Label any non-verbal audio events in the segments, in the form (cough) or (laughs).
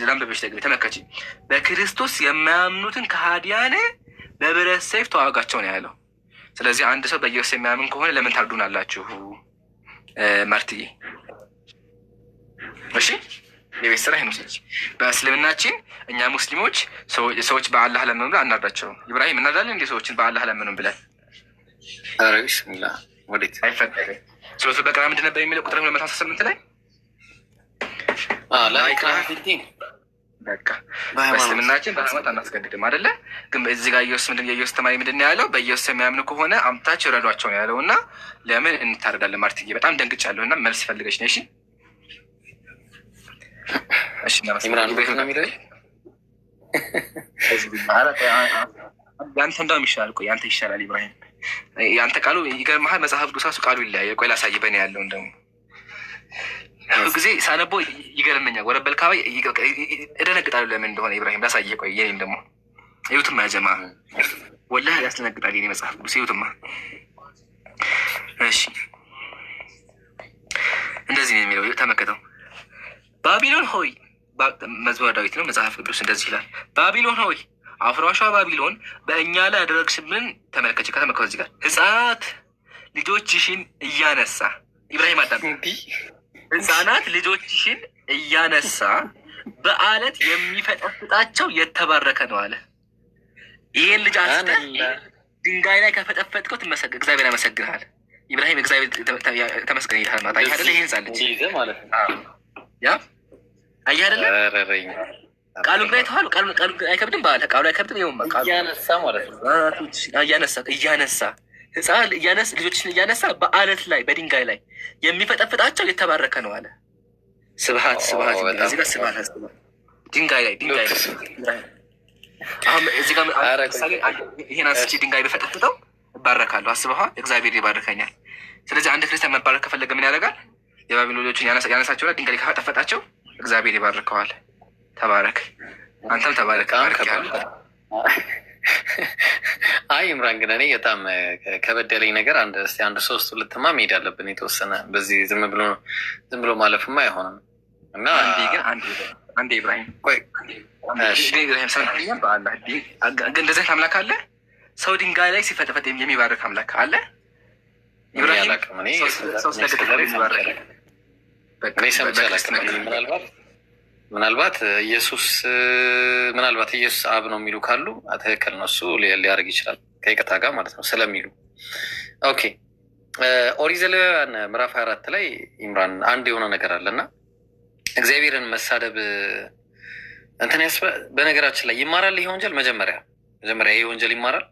ዘዳም በበሽታ ግን ተመከች በክርስቶስ የማያምኑትን ከሃዲያን በብረት ሰይፍ ተዋጋቸው ነው ያለው። ስለዚህ አንድ ሰው በኢየሱስ የሚያምን ከሆነ ለምን ታርዱናላችሁ? ማርትዬ እሺ የቤት ስራ ይኖሰች በእስልምናችን እኛ ሙስሊሞች ሰዎች በአላህ ለምኑ ብለን አናርዳቸውም። ኢብራሂም እናርዳለን እንዲ ሰዎችን በአላህ ለምኑ ብለን ቢስሚላ ወዴት አይፈቀድም። ሱረቱል በቀራ ምንድን ነበር የሚለው ቁጥር ሁለት መቶ ስምንት ላይ በእስልምናችን በሃይማኖት አናስገድድም አደለ? ግን እዚህ ጋር ኢየሱስ ምንድን የኢየሱስ ተማሪ ምንድን ነው ያለው? በኢየሱስ የሚያምኑ ከሆነ አምታች ረዷቸው ነው ያለው። እና ለምን እንታረዳለን? ማርትዬ በጣም ደንግጭ ደንግጫለሁ። እና መልስ ፈልገች ነሽ። እሺ ያንተ እንደውም ይሻላል። ቆይ ያንተ ይሻላል ኢብራሂም፣ ያንተ ቃሉ ይገርምሃል። መጽሐፍ ቅዱሳሱ ቃሉ ይለያየ። ቆይ ላሳይ በእኔ ያለውን ደግሞ ጊዜ ሳነቦ ይገርመኛል። ወረበል ካባ እደነግጣሉ ለምን እንደሆነ ኢብራሂም ላሳየህ። ቆይ የኔን ደግሞ ይሁትማ ያጀማ ወላ ያስደነግጣል። የኔ መጽሐፍ ቅዱስ ይሁትማ። እሺ እንደዚህ ነው የሚለው፣ ተመከተው ባቢሎን ሆይ መዝሙረ ዳዊት ነው። መጽሐፍ ቅዱስ እንደዚህ ይላል፣ ባቢሎን ሆይ አፍራሿ ባቢሎን በእኛ ላይ ያደረግሽብን። ተመልከች፣ ከተመከተው እዚህ ጋር ህጻናት ልጆችሽን እያነሳ ኢብራሂም አዳም ህጻናት ልጆችሽን እያነሳ በአለት የሚፈጠፍጣቸው የተባረከ ነው አለ። ይህን ልጅ አንስተ ድንጋይ ላይ ከፈጠፈጥከው ትመሰግ እግዚአብሔር ያመሰግንሃል። ኢብራሂም እግዚአብሔር ተመስገን ይልሃል። ማለት አየህ አይደለ? ይህን ጻለች ያ አየህ አይደለ? ቃሉ ግን አይተዋል። ቃሉ ቃሉ አይከብድም፣ በአለ ቃሉ አይከብድም። ይኸውማ እያነሳ ማለት ነው እያነሳ እያነሳ ህፃን ልጆችን እያነሳ በአለት ላይ በድንጋይ ላይ የሚፈጠፍጣቸው የተባረከ ነው አለ። ስብሀት ስብሐት ድንጋይ ላይ ድንጋይ አሁን እዚህ ጋር ይሄን አንስቼ ድንጋይ ብፈጠፍጠው እባረካለሁ። አስበኋ እግዚአብሔር ይባርከኛል። ስለዚህ አንድ ክርስቲያን መባረክ ከፈለገ ምን ያደርጋል? የባቢሎን ልጆችን ያነሳቸውና ድንጋይ ከፈጠፈጣቸው እግዚአብሔር ይባርከዋል። ተባረክ፣ አንተም ተባረክ። አይ ኢምራን ግን እኔ በጣም ከበደለኝ ነገር አንድ ስ አንድ ሶስት ሁለትማ መሄድ አለብን የተወሰነ በዚህ ዝም ብሎ ዝም ብሎ ማለፍማ አይሆንም እና አንዴ ኢብራሂም እንደዚህ አምላክ አለ ሰው ድንጋይ ላይ ሲፈጠፈጥ የሚባርክ አምላክ አለ ኢብራሂም ሰው ስለገጠ ሚባረክ ምናልባት ምናልባት ኢየሱስ ምናልባት ኢየሱስ አብ ነው የሚሉ ካሉ ትክክል ነው። እሱ ሊያደርግ ይችላል ከይቅርታ ጋር ማለት ነው ስለሚሉ ኦኬ። ኦሪት ዘሌዋውያን ምዕራፍ ሀያ አራት ላይ ኢምራን አንድ የሆነ ነገር አለ አለና እግዚአብሔርን መሳደብ እንትን ያስ በነገራችን ላይ ይማራል። ይሄ ወንጀል መጀመሪያ መጀመሪያ ይሄ ወንጀል ይማራል።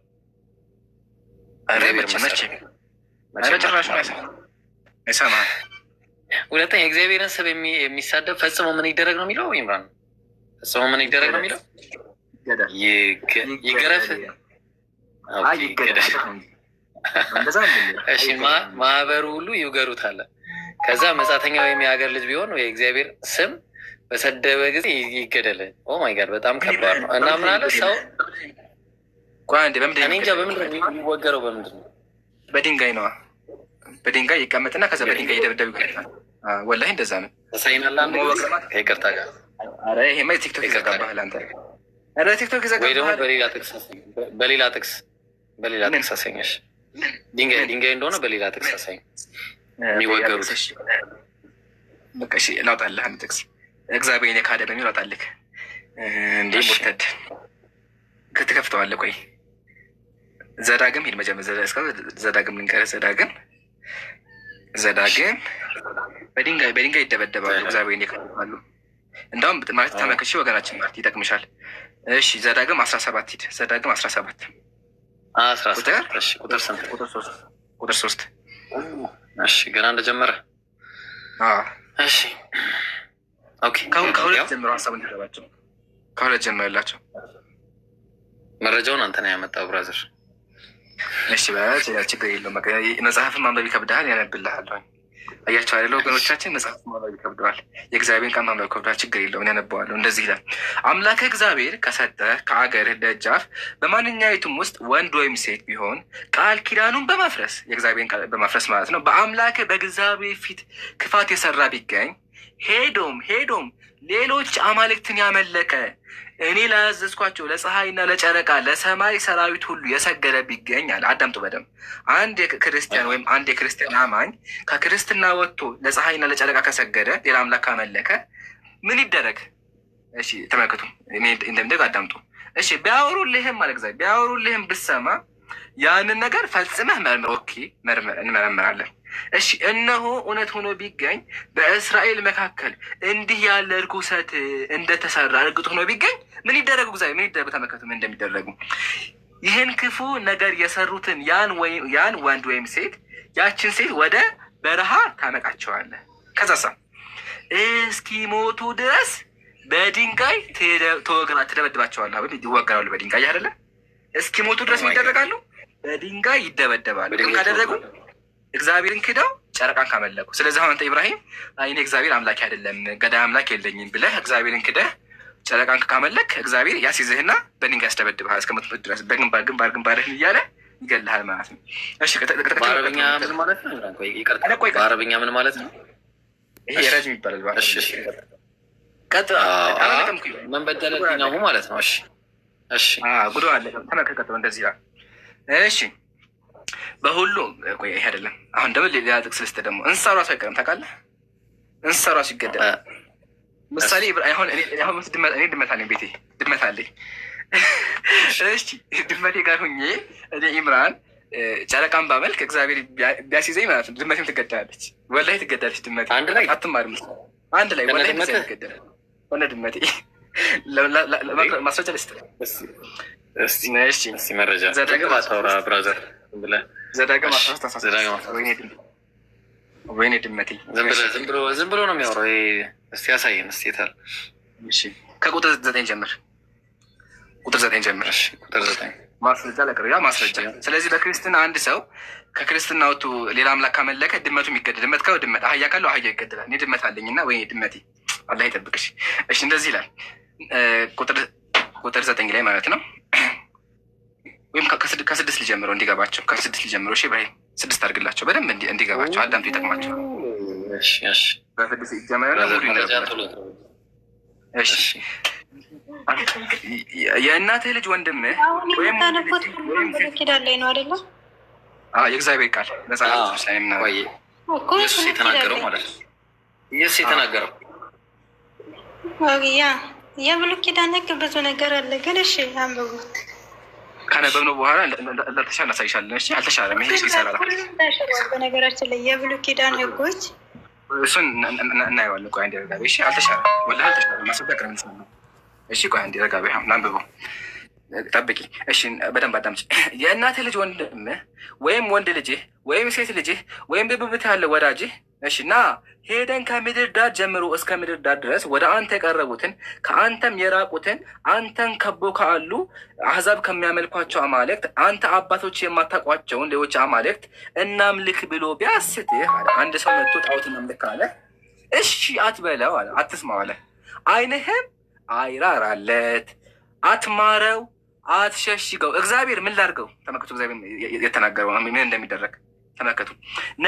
ጭራሽ አይሰማም ሁለተኛ እግዚአብሔርን ስም የሚሳደብ ፈጽሞ ምን ይደረግ ነው የሚለው ኢምራን፣ ፈጽሞ ምን ይደረግ ነው የሚለው ይገረፍ። (laughs) እሺ ማህበሩ ሁሉ አለ ከዛ መጻተኛ ወይም የሀገር ልጅ ቢሆን የእግዚአብሔር ስም በሰደበ ጊዜ ይገደል። ኦ ማይ ጋድ በጣም ከባድ ነው። እና ምን አለ ሰው እንጃ በምንድን ነው የሚወገረው? በምንድን ነው? በድንጋይ ነዋ። በድንጋይ ይቀመጥና ከዛ በድንጋይ ይደበደብ ይገለታል። ወላሂ እንደዛ ነው። ይቅርታ ጋር ቲክቶክ በሌላ ጥቅስ በሌላ ጥቅስ አሰኛሽ ድንጋይ እንደሆነ በሌላ ጥቅስ አሳኝ የሚወገሩት ላውጣልህ። አንድ ጥቅስ እግዚአብሔር የካደ በሚል ላውጣልህ። እንዴ ሙርተድ ክትከፍተዋለህ። ቆይ ዘዳግም ሂድ መጀመር ዘዳግም ልንቀረ ዘዳግም ዘዳግም በድንጋይ በድንጋይ ይደበደባሉ። እግዚአብሔር ይከብራሉ። እንደውም ማለት ተመክሽ ወገናችን ማለት ይጠቅምሻል። እሺ ዘዳግም አስራ ሰባት ሂድ። ዘዳግም አስራ ሰባት ቁጥር ሶስት እሺ ገና እንደጀመረ እሺ ከሁለት ጀምሮ ሀሳብ እንዲገባቸው ከሁለት ጀምሮ መረጃውን አንተ ነው ያመጣው ብራዘር። እሺ በ ችግር የለውም መጽሐፍን ማንበብ ይከብዳል። ያነብልሃለሁ እያቸው አይደለ ወገኖቻችን፣ መጽሐፍ ማንበብ ይከብደዋል። የእግዚአብሔር ቃል ማንበብ ይከብደዋል። ችግር የለውም፣ ያነበዋለሁ። እንደዚህ ይላል፣ አምላክ እግዚአብሔር ከሰጠ ከአገርህ ደጃፍ በማንኛይቱም ውስጥ ወንድ ወይም ሴት ቢሆን ቃል ኪዳኑን በማፍረስ የእግዚአብሔርን ቃል በማፍረስ ማለት ነው፣ በአምላክ በእግዚአብሔር ፊት ክፋት የሰራ ቢገኝ ሄዶም ሄዶም ሌሎች አማልክትን ያመለከ እኔ ላያዘዝኳቸው ለፀሐይና ለጨረቃ ለሰማይ ሰራዊት ሁሉ የሰገደ ቢገኛል። አዳምጡ በደምብ። አንድ ክርስቲያን ወይም አንድ የክርስቲያን አማኝ ከክርስትና ወጥቶ ለፀሐይና ለጨረቃ ከሰገደ ሌላ አምላክ ካመለከ ምን ይደረግ? እሺ ተመልከቱ፣ እንደምደግ አዳምጡ። እሺ ቢያወሩልህም ማለት ጊዜ ቢያወሩልህም ብሰማ ያንን ነገር ፈጽመህ መርምር። ኦኬ እንመረምራለን እሺ እነሆ እውነት ሆኖ ቢገኝ በእስራኤል መካከል እንዲህ ያለ እርኩሰት እንደተሰራ እርግጥ ሆኖ ቢገኝ ምን ይደረጉ? ጉዛ ምን ይደረጉ? ተመከቱ ምን እንደሚደረጉ። ይህን ክፉ ነገር የሰሩትን ያን ወንድ ወይም ሴት ያችን ሴት ወደ በረሃ ታመቃቸዋለህ። ከዛሳ እስኪሞቱ ድረስ በድንጋይ ትደበድባቸዋለህ። አሁን ይወገራሉ በድንጋይ አይደለ? እስኪሞቱ ድረስ ይደረጋሉ፣ በድንጋይ ይደበደባሉ። ካደረጉ እግዚአብሔርን ክደው ጨረቃን ካመለኩ። ስለዚህ አሁን አንተ ኢብራሂም እኔ እግዚአብሔር አምላክ አይደለም ገዳይ አምላክ የለኝም ብለህ እግዚአብሔርን ክደህ ጨረቃን ካመለክ እግዚአብሔር ያስይዝህና በድንጋይ ያስደበድብሃል እስከምትሞት ድረስ በግንባር ግንባር ግንባርህን እያለ ይገልሃል ማለት ነው። በአረብኛ ምን ማለት ነው? ይሄ ረጅም ይባላል። ምን በደለኝ ነው ማለት ነው። እሺ እሺ፣ ጉዶ አለ። ተመልከት፣ እንደዚህ ይላል። እሺ በሁሉም ይሄ አይደለም። አሁን ደግሞ ሌላ ጥቅስ ልስጥ። ደግሞ እንስሳ ራሱ አይቀርም ታውቃለህ። እንስሳ ራሱ ይገደላል። ምሳሌ አሁን እኔ ድመት አለኝ፣ ቤቴ ድመት አለኝ። እሺ ድመቴ ጋር ሁኜ እኔ ኢምራን ጨረቃን ባመልክ እግዚአብሔር ቢያስይዘኝ ማለት ነው ድመቴም ትገደላለች። ወላሂ ትገደላለች። ድመቴ አንድ ላይ አትማርም። አንድ ላይ ወላሂ ትገደላለች። ሆነ ድመቴ ማስረጃ ልስጥ። እስኪ መረጃ ብራዘር ብለህ ዘዳግም ወይኔ ድመቴ ዝም ብሎ ነው የሚያወራው። እስቲ ያሳየን። ታል ከቁጥር ዘጠኝ ጀምር። ቁጥር ዘጠኝ ጀምር። ቁጥር ዘጠኝ ማስረጃ ለቅርያ ማስረጃ። ስለዚህ በክርስትና አንድ ሰው ከክርስትና ወጥቶ ሌላ አምላክ ካመለከ ድመቱ የሚገደል ድመት ካለው ድመት አህያ ካለው አህያ ይገደላል። እኔ ድመት አለኝና ወይኔ ድመቴ አላህ ይጠብቅሽ። እሺ እንደዚህ ይላል ቁጥር ዘጠኝ ላይ ማለት ነው ወይም ከስድስት ሊጀምረው እንዲገባቸው ከስድስት ሊጀምረው እሺ፣ ብራሂም ስድስት አድርግላቸው በደንብ እንዲገባቸው አዳምቱ ይጠቅማቸው። በስድስት የእናትህ ልጅ ወንድም የእግዚአብሔር ቃል መጽሐፍ ላይ ኢየሱስ የተናገረው ማለት ነው። የብሉይ ኪዳን ህግ ብዙ ነገር አለ፣ ግን እሺ አንብቡት ካነበብነው በኋላ እንዳልተሻለ እናሳይሻለን። እሺ አልተሻለም። ይሄ ይሰራል። በነገራችን ላይ የብሉ ኪዳን ህጎች እሱን እናየዋለን። ቆይ አንዴ ረጋቤ። እሺ አልተሻለም። ወላ አልተሻለም። ማስወዳ ቅረብ ነው። እሺ ቆይ አንዴ ረጋቤ ናንብበው ጠብቂ እሺ፣ በደንብ አዳምጪ። የእናትህ ልጅ ወንድምህ ወይም ወንድ ልጅህ ወይም ሴት ልጅህ ወይም ብብት ያለ ወዳጅህ እሺ፣ ና ሄደን ከምድር ዳር ጀምሮ እስከ ምድር ዳር ድረስ ወደ አንተ የቀረቡትን ከአንተም የራቁትን አንተን ከቦ ካሉ አህዛብ ከሚያመልኳቸው አማልክት አንተ አባቶች የማታውቋቸውን ሌሎች አማልክት እናምልክ ብሎ ቢያስትህ አለ። አንድ ሰው መጥቶ ጣዖት እናምልክ አለ። እሺ አትበለው አለ፣ አትስማው አለ። ዓይንህም አይራራለት፣ አትማረው አትሸሽገው። እግዚአብሔር ምን ላድርገው? ተመልከቱ፣ እግዚአብሔር የተናገረው ምን እንደሚደረግ ተመከቱ።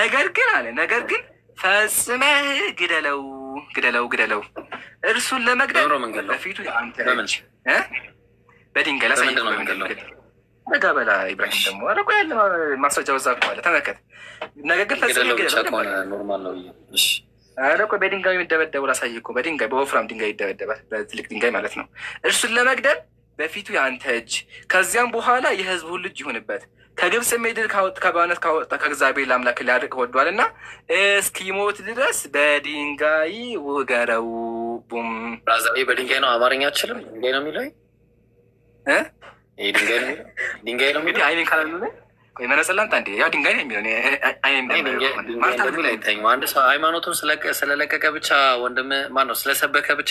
ነገር ግን አለ ነገር ግን ፈጽመህ ግደለው፣ ግደለው፣ ግደለው እርሱን ለመግደል በፊቱ አንተ በድንጋይ ላሳይ ኢብራሂም ደግሞ አረቆ ያለ ማስረጃ ወዛ ከኋላ ተመከት። ነገር ግን ፈጽመህ ግደለው አረ በድንጋይ የሚደበደቡ ላሳይ እኮ በድንጋይ በወፍራም ድንጋይ ይደበደባል፣ በትልቅ ድንጋይ ማለት ነው። እርሱን ለመግደል በፊቱ የአንተ እጅ ከዚያም በኋላ የህዝብ ሁሉ እጅ ይሁንበት። ከግብፅ ምድር ከባርነት ካወጣ ከእግዚአብሔር አምላክ ሊያድቅ ወዷልና እስኪሞት ድረስ በድንጋይ ውገረው። ቡም ራዛቤ በድንጋይ ነው። አማርኛ አችልም። ድንጋይ ነው የሚለው ድንጋይ ነው ነው አንድ ሰው ሃይማኖቱን ስለለቀቀ ብቻ ወንድም ማን ነው ስለሰበከ ብቻ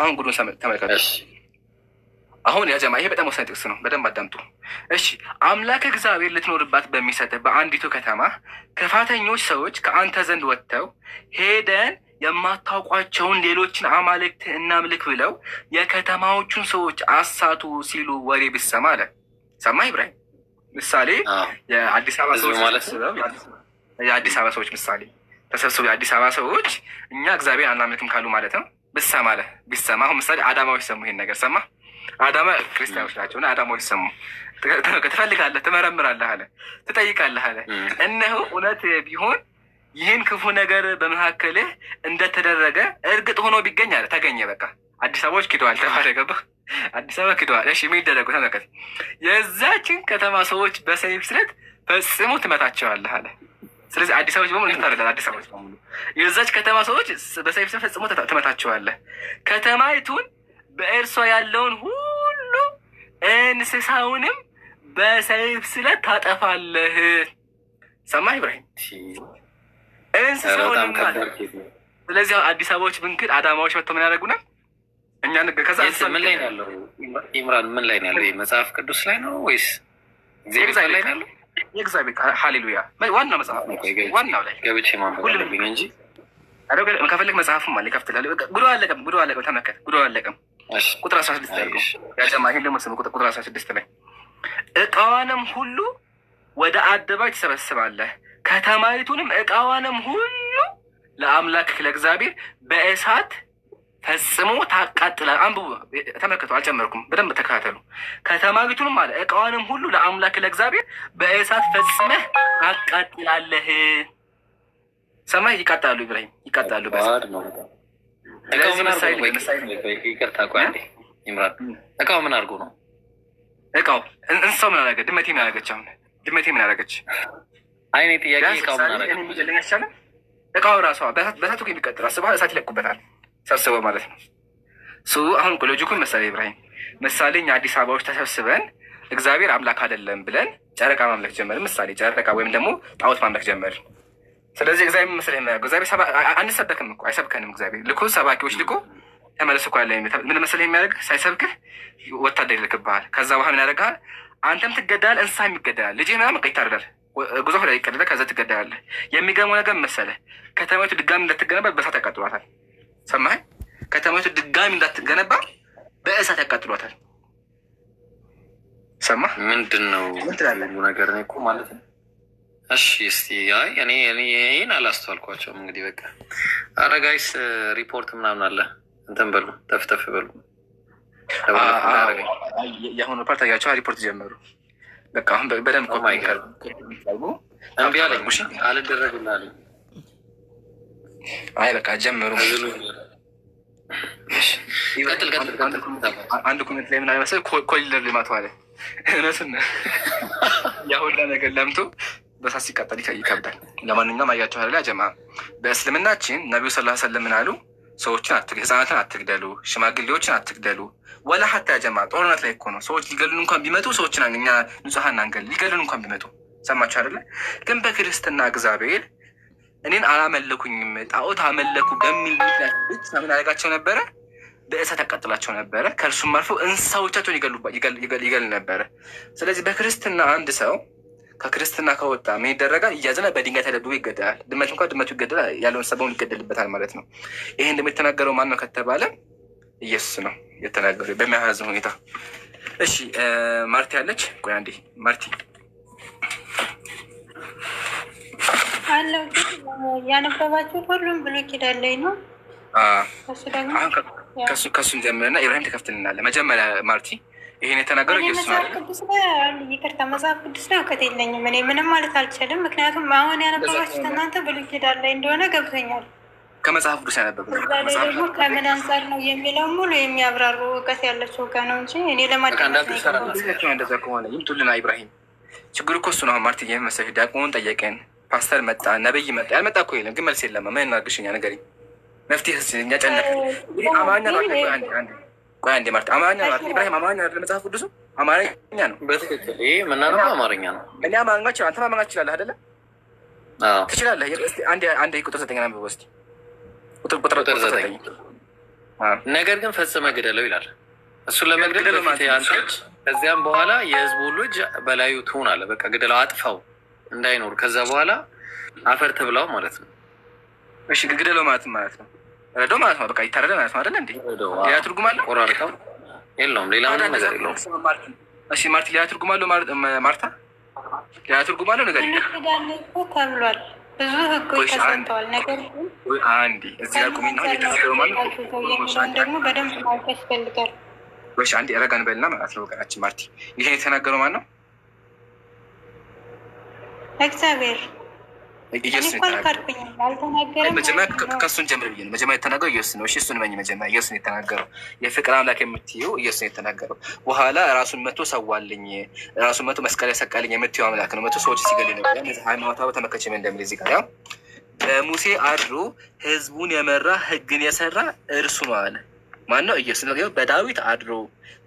አሁን ጉዱን ተመልከቱ። አሁን ያ ይሄ በጣም ወሳኝ ጥቅስ ነው። በደንብ አዳምጡ እሺ። አምላክ እግዚአብሔር ልትኖርባት በሚሰጥ በአንዲቱ ከተማ ከፋተኞች ሰዎች ከአንተ ዘንድ ወጥተው ሄደን የማታውቋቸውን ሌሎችን አማልክት እናምልክ ብለው የከተማዎቹን ሰዎች አሳቱ ሲሉ ወሬ ብሰማ አለ። ሰማ ኢብራሂም? ምሳሌ የአዲስ አበባ ሰዎች የአዲስ አበባ ሰዎች ምሳሌ ተሰብስበው የአዲስ አበባ ሰዎች እኛ እግዚአብሔር አናምልክም ካሉ ማለት ነው ብሰማ አለ ቢሰማ አሁን ምሳሌ አዳማዎች ሰሙ ይሄን ነገር ሰማ። አዳማ ክርስቲያኖች ናቸው እና አዳማዎች ሰሙ። ትፈልጋለህ፣ ትመረምራለህ አለ፣ ትጠይቃለህ አለ። እነሆ እውነት ቢሆን ይህን ክፉ ነገር በመካከልህ እንደተደረገ እርግጥ ሆኖ ቢገኝ አለ ተገኘ። በቃ አዲስ አበባዎች ኪደዋል ተባለ። ገባህ? አዲስ አበባ ኪደዋል። እሺ የሚደረጉ ተመልከት። የዛችን ከተማ ሰዎች በሰይፍ ስለት ፈጽሞ ትመታቸዋለህ አለ ስለዚህ አዲስ አበባ በሙሉ ታረዳል። አዲስ አበባ በሙሉ የዛች ከተማ ሰዎች በሰይፍ ስም ፈጽሞ ትመታቸዋለህ። ከተማይቱን በእርሷ ያለውን ሁሉ እንስሳውንም በሰይፍ ስለት ታጠፋለህ። ሰማህ ኢብራሂም? እንስሳውንም ማለት ስለዚህ አዲስ አበባዎች ብንክል አዳማዎች መጥተው ምን ያደርጉናል? እኛ ንግር ከዛ ምን ላይ ነው ያለው? ኢምራን ምን ላይ ነው ያለው? መጽሐፍ ቅዱስ ላይ ነው ወይስ ዜግዛ ላይ ነው ያለው? የእግዚአብሔር ሀሌሉያ መጽሐፍ ዋናው ላይ ሁሉም እንጂ ከፈለግ መጽሐፍም አለ አለቀም፣ አለቀም። ተመከት አለቀም። ቁጥር አስራ ስድስት ይህን ደግሞ ስም ቁጥር አስራ ስድስት ላይ እቃዋንም ሁሉ ወደ አደባባይ ትሰበስባለህ፣ ከተማይቱንም እቃዋንም ሁሉ ለአምላክ ለእግዚአብሔር በእሳት ፈጽሞ ታቃጥላ። አንብቡ፣ ተመልከቱ። አልጨመርኩም፣ በደንብ ተከታተሉ። ከተማይቱንም አለ እቃዋንም ሁሉ ለአምላክ ለእግዚአብሔር በእሳት ፈጽመህ አቃጥላለህ። ሰማይ ይቃጣሉ፣ ኢብራሂም ይቃጣሉ። እቃው ምን አድርጎ ነው? እቃው እንስሳው ምን አረገ? ድመቴ ምን አረገች? አሁን ድመቴ ምን አረገች? አይኔ ጥያቄ፣ እቃው ምን አደረገ? እቃው ራሷ በእሳት የሚቀጥል አስበሃል? እሳት ይለቁበታል ሰብስበው ማለት ነው። ሱ አሁን ሎጂኩን መሰለ ኢብራሂም ምሳሌ እኛ አዲስ አበባዎች ተሰብስበን እግዚአብሔር አምላክ አይደለም ብለን ጨረቃ ማምለክ ጀመርን። ምሳሌ ጨረቃ ወይም ደግሞ ጣዖት ማምለክ ጀመርን። ስለዚህ እግዚአብሔር መስለ እግዚአብሔር አንሰበክም እኮ አይሰብከንም። እግዚአብሔር ልኮ ሰባኪዎች ልኮ ተመለስ እኮ ያለ ምን መስለ የሚያደርግ ሳይሰብክህ ወታደር ይልክብሃል። ከዛ ውሃ ምን ያደርግሃል? አንተም ትገዳል፣ እንስሳም ይገዳል፣ ልጅ ምናምን ቀይ ታርዳል ጉዞ ላይ ይቀደዳል። ከዛ ትገዳያለህ። የሚገርመው ነገር መሰለ ከተማቱ ድጋሚ እንደትገነባ በሳት ያቃጥሏታል። ሰማይ ከተማይቱ ድጋሚ እንዳትገነባ በእሳት ያቃጥሏታል። ሰማ ምንድን ነው ነገር እኮ ማለት ነው። እሺ እስቲ እኔ ይህን አላስተዋልኳቸውም። እንግዲህ በቃ አረጋይስ ሪፖርት ምናምን አለ እንትን በሉ ተፍተፍ በሉ። የአሁኑ ፓርት አያቸው ሪፖርት ጀመሩ። በቃ አሁን በደንብ oh እምቢ አለኝ፣ አልደረግልህ አለኝ አይ በቃ ጀምሩ። አንድ ኮሜንት ላይ ምን መሰለህ ኮሊደር ልማት አለ። እውነትን ያሁላ ነገር ለምቶ በሳት ሲቃጠል ይከብዳል። ለማንኛውም አያቸው አለ ጀማ በእስልምናችን ነቢዩ ስላ ሰለም ምን አሉ? ሰዎችን አት ህፃናትን አትግደሉ፣ ሽማግሌዎችን አትግደሉ። ወላ ሀታ ጀማ ጦርነት ላይ እኮ ነው ሰዎች ሊገሉን እንኳን ቢመጡ ሰዎችን እኛ ንጹሐን አንገል ሊገሉን እንኳን ቢመጡ ሰማቸው አይደለ? ግን በክርስትና እግዚአብሔር እኔን አላመለኩኝም ጣዖት አመለኩ በሚል ምክንያት ብቻ ምን ያደርጋቸው ነበረ? በእሳት ያቃጥላቸው ነበረ። ከእርሱም አልፎ እንስሳዎቻቸውን ይገል ነበረ። ስለዚህ በክርስትና አንድ ሰው ከክርስትና ከወጣ ምን ይደረጋል? እያዘነ በድንጋይ ተደብድቦ ይገደላል። ድመት እንኳ ድመቱ ይገደላል፣ ያለውን ሰበውን ይገደልበታል ማለት ነው። ይሄ ደግሞ የተናገረው ማን ነው ከተባለ ኢየሱስ ነው የተናገረው በሚያሳዝን ሁኔታ። እሺ ማርቲ አለች። ቆይ አንዴ ማርቲ ያነበባችሁት ሁሉም ብሉይ ኪዳን ላይ ነው። ከሱ ጀምርና ኢብራሂም ትከፍትልናለህ። መጀመሪያ ማርቲ ይህን የተናገረው ኢየሱስ ይቅርታ፣ መጽሐፍ ቅዱስ ላይ እውቀት የለኝም እኔ ምንም ማለት አልችልም። ምክንያቱም አሁን ያነበባችሁት እናንተ ብሉይ ኪዳን ላይ እንደሆነ ገብቶኛል። ከመጽሐፍ ቅዱስ ያነበብን ደግሞ ከምን አንጻር ነው የሚለው ሙሉ የሚያብራሩ እውቀት ያለችው ጋ ነው እንጂ እኔ ለማዳንዳዛ ከሆነ ይምጡልና ኢብራሂም ችግር እኮ እሱ ነው። ማርቲ መሰ ዳቅሞን ጠየቀን ፓስተር መጣ፣ ነብይ መጣ። ያልመጣ እኮ የለም፣ ግን መልስ የለም። ምን እናርግሽኛ? ነገር መፍትሄ እኛ ጨነቀ። አማርኛ አንዴ ማለት አማርኛ ነው። ኢብራሂም አማርኛ ነው መጽሐፍ ቅዱሱ አማርኛ ነው። በትክክል ይሄ አማርኛ ነው። እኔ አማርኛ አንተ አማርኛ ትችላለህ አደለ? ትችላለህ። አንድ ቁጥር ዘጠኝ ቁጥር ዘጠኝ ነገር ግን ፈጽመ ግደለው ይላል። እሱን ለመግደል በፊት አንድ ከዚያም በኋላ የህዝቡ ልጅ በላዩ ትሆን አለ። በቃ ግደለው፣ አጥፋው እንዳይኖር ከዛ በኋላ አፈር ተብላው ማለት ነው። እሺ ግግደለው ማለት ማለት ነው ረዶ ማለት ነው። በቃ ይታረደ ማለት ነው አይደለ እንዴ? ሌላ ትርጉም አለ? ቆራርጠው የለውም። ሌላ ምንም ነገር የለውም። እሺ ማርቲ፣ ሌላ ትርጉም አለው? ማርታ፣ ሌላ ትርጉም አለው ነገር ተብሏል። ብዙ ህጎች ተሰንተዋል። ነገር ግን አንዴ እዚህ ጋር ቁሚና የተናገረው ማለት ነው ደግሞ በደንብ ማወቅ ያስፈልጋል። አንዴ ረጋን በልና ማለት ነው ወገናችን ማርቲ፣ ይሄን የተናገረው ማን ነው? እግዚአብሔር ከእሱን ጀምር ብዬ ነው መጀመሪያ የተናገረው ኢየሱስ ነው። እሺ እሱን መኝ መጀመሪያ ኢየሱስ የተናገረው። የፍቅር አምላክ የምትየው ኢየሱስ የተናገረው። በኋላ ራሱን መቶ ሰዋልኝ፣ ራሱን መቶ መስቀል ያሰቃልኝ የምትየው አምላክ ነው። መቶ ሰዎች ሲገል ነበር። እንደሚል እዚህ ጋር በሙሴ አድሮ ህዝቡን የመራ ህግን የሰራ እርሱ ነው አለ ማነው? ኢየሱስ ነው። በዳዊት አድሮ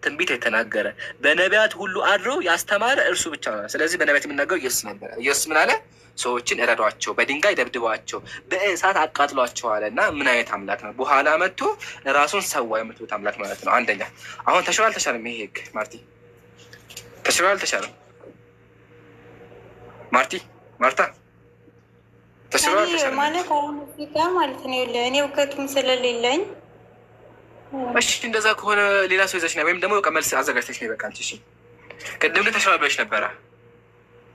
ትንቢት የተናገረ በነቢያት ሁሉ አድሮ ያስተማረ እርሱ ብቻ ነው። ስለዚህ በነቢያት የሚናገረው ኢየሱስ ነበረ። ኢየሱስ ምን አለ? ሰዎችን እረዷቸው፣ በድንጋይ ደብድቧቸው፣ በእሳት አቃጥሏቸው አለ እና ምን አይነት አምላክ ነው? በኋላ መጥቶ ራሱን ሰዋ የምትሉት አምላክ ማለት ነው። አንደኛ አሁን ተሽሯል አልተሻለም? ይሄ ህግ ማርቲ ተሽሯል አልተሻለም? ማርቲ ማርታ ተሽሯል አልተሻለም? ማለት አሁን እዚህ ጋር ማለት ነው እኔ እውቀቱም ስለሌለኝ እሺ እንደዛ ከሆነ ሌላ ሰው ይዘሽ ወይም ደግሞ መልስ አዘጋጅተሽ ነው ይበቃል። እሺ ቅድም ተሸባብለሽ ነበረ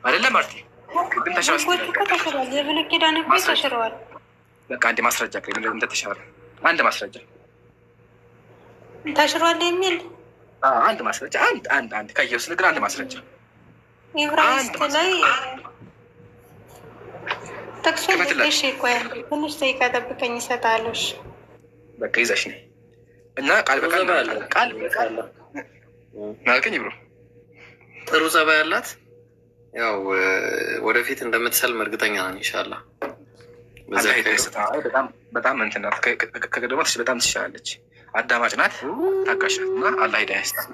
አይደለም? ማርቲ ቅድም ተሸባብለሽ በቃ አንድ ማስረጃ እንደተሻለ አንድ ማስረጃ ተሽሯል የሚል አንድ ማስረጃ አንድ አንድ አንድ ከየሱስ ንግር አንድ ማስረጃ ኢብራሂስት ላይ ጠቅሶ ትንሽ ጠይቃ ጠብቀኝ ይሰጣለሽ። በቃ ይዘሽ ነይ እና ቃል በቃል ቃል ብሎ ጥሩ ጸባይ ያላት ያው ወደፊት እንደምትሰልም እርግጠኛ ነን። ይሻላ በጣም እንትን ናት። በጣም ትሻላለች። አዳማጭ ናት፣ ታጋሽ ናት እና አላህ ሂዳያ ይስጣት።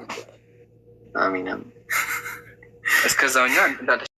አሚን። እስከዛው እንዳለች